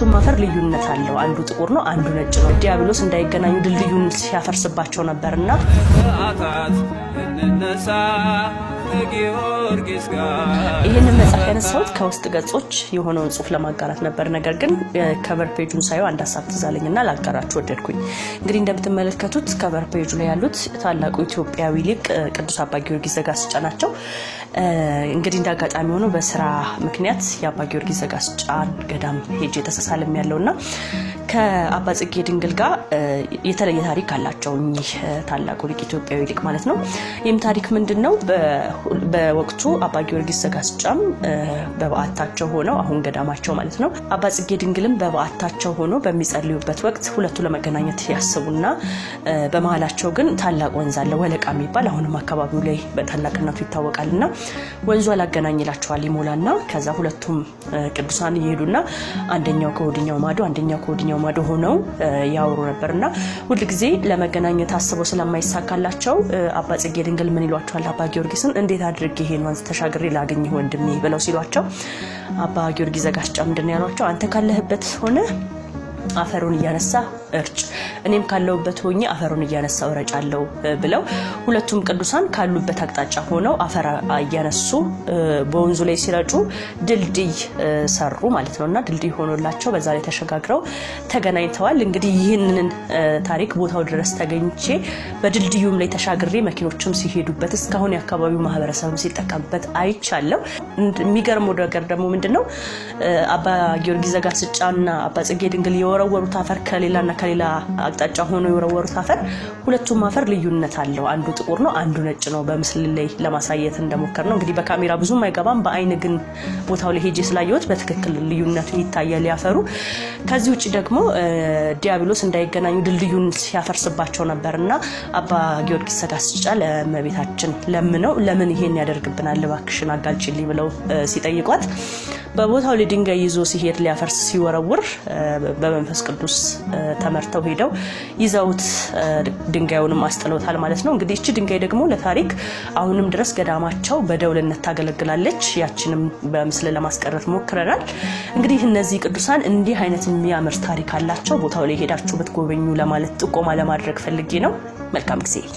ሁለቱም አፈር ልዩነት አለው። አንዱ ጥቁር ነው፣ አንዱ ነጭ ነው። ዲያብሎስ እንዳይገናኙ ድልድዩን ሲያፈርስባቸው ነበርና ይህንን መጽሐፍ ያነሳሁት ከውስጥ ገጾች የሆነውን ጽሁፍ ለማጋራት ነበር። ነገር ግን ከቨር ፔጁን ሳየው አንድ ሀሳብ ትዛለኝና ላጋራችሁ ወደድኩኝ። እንግዲህ እንደምትመለከቱት ከቨር ፔጁ ላይ ያሉት ታላቁ ኢትዮጵያዊ ሊቅ ቅዱስ አባ ጊዮርጊስ ዘጋስጫ ናቸው። እንግዲህ እንደ አጋጣሚ ሆኖ በስራ ምክንያት የአባ ጊዮርጊስ ዘጋስጫ ገዳም የተሳሳለም ያለው ያለውና ከአባጽጌ ድንግል ጋር የተለየ ታሪክ አላቸው እኚህ ታላቁ ሊቅ ኢትዮጵያዊ ሊቅ ማለት ነው። ይህም ታሪክ ምንድን ነው? በወቅቱ አባ ጊዮርጊስ ዘጋስጫም በበዓታቸው ሆነው አሁን ገዳማቸው ማለት ነው። አባጽጌ ድንግልም በበዓታቸው ሆኖ በሚጸልዩበት ወቅት ሁለቱ ለመገናኘት ያስቡና በመሀላቸው ግን ታላቅ ወንዝ አለ ወለቃ የሚባል አሁንም አካባቢው ላይ በታላቅነቱ ይታወቃል። እና ወንዙ አላገናኝ ይላቸዋል ይሞላና ከዛ ሁለቱም ቅዱሳን ይሄዱና አንደኛው ከወዲኛው ማዶ አንደኛው ከወዲኛው ማዶ ሆነው ያወሩ ነበር እና ጊዜ ለመገናኘት አስበው ስለማይሳካላቸው አባጽጌ ድንግል ምን ይሏቸዋል? አባ ጊዮርጊስን እንዴት አድርግ ይሄን ወንዝ ተሻግሬ ላገኝ ወንድሜ ብለው ሲሏቸው አባ ጊዮርጊስ ዘጋስጫ ምንድን ያሏቸው አንተ ካለህበት ሆነ አፈሩን እያነሳ እርጭ፣ እኔም ካለሁበት ሆኜ አፈሩን እያነሳው እረጫለሁ ብለው ሁለቱም ቅዱሳን ካሉበት አቅጣጫ ሆነው አፈር እያነሱ በወንዙ ላይ ሲረጩ ድልድይ ሰሩ ማለት ነው እና ድልድይ ሆኖላቸው በዛ ላይ ተሸጋግረው ተገናኝተዋል። እንግዲህ ይህንን ታሪክ ቦታው ድረስ ተገኝቼ በድልድዩም ላይ ተሻግሬ መኪኖችም ሲሄዱበት እስካሁን የአካባቢው ማህበረሰብም ሲጠቀምበት አይቻለሁ። የሚገርመው ነገር ደግሞ ምንድን ነው አባ ጊዮርጊስ ዘጋስጫ እና አባ ጽጌ ድንግል የወ የወረወሩት አፈር ከሌላና ከሌላ አቅጣጫ ሆኖ የወረወሩት አፈር ሁለቱም አፈር ልዩነት አለው። አንዱ ጥቁር ነው፣ አንዱ ነጭ ነው። በምስል ላይ ለማሳየት እንደሞከር ነው እንግዲህ በካሜራ ብዙም አይገባም። በአይን ግን ቦታው ላይ ሄጄ ስላየሁት በትክክል ልዩነቱ ይታያል ያፈሩ። ከዚህ ውጭ ደግሞ ዲያብሎስ እንዳይገናኙ ድልድዩን ሲያፈርስባቸው ነበር እና አባ ጊዮርጊስ ሰጋስጫ ለእመቤታችን ለምነው ለምን ይሄን ያደርግብናል እባክሽን አጋልጪልኝ ብለው ሲጠይቋት በቦታው ላይ ድንጋይ ይዞ ሲሄድ ሊያፈርስ ሲወረውር በመንፈስ ቅዱስ ተመርተው ሄደው ይዘውት ድንጋዩንም አስጥለውታል ማለት ነው። እንግዲህ እቺ ድንጋይ ደግሞ ለታሪክ አሁንም ድረስ ገዳማቸው በደውልነት ታገለግላለች። ያችንም በምስል ለማስቀረት ሞክረናል። እንግዲህ እነዚህ ቅዱሳን እንዲህ አይነት የሚያምር ታሪክ አላቸው። ቦታው ላይ ሄዳችሁ ብትጎበኙ ለማለት ጥቆማ ለማድረግ ፈልጌ ነው። መልካም ጊዜ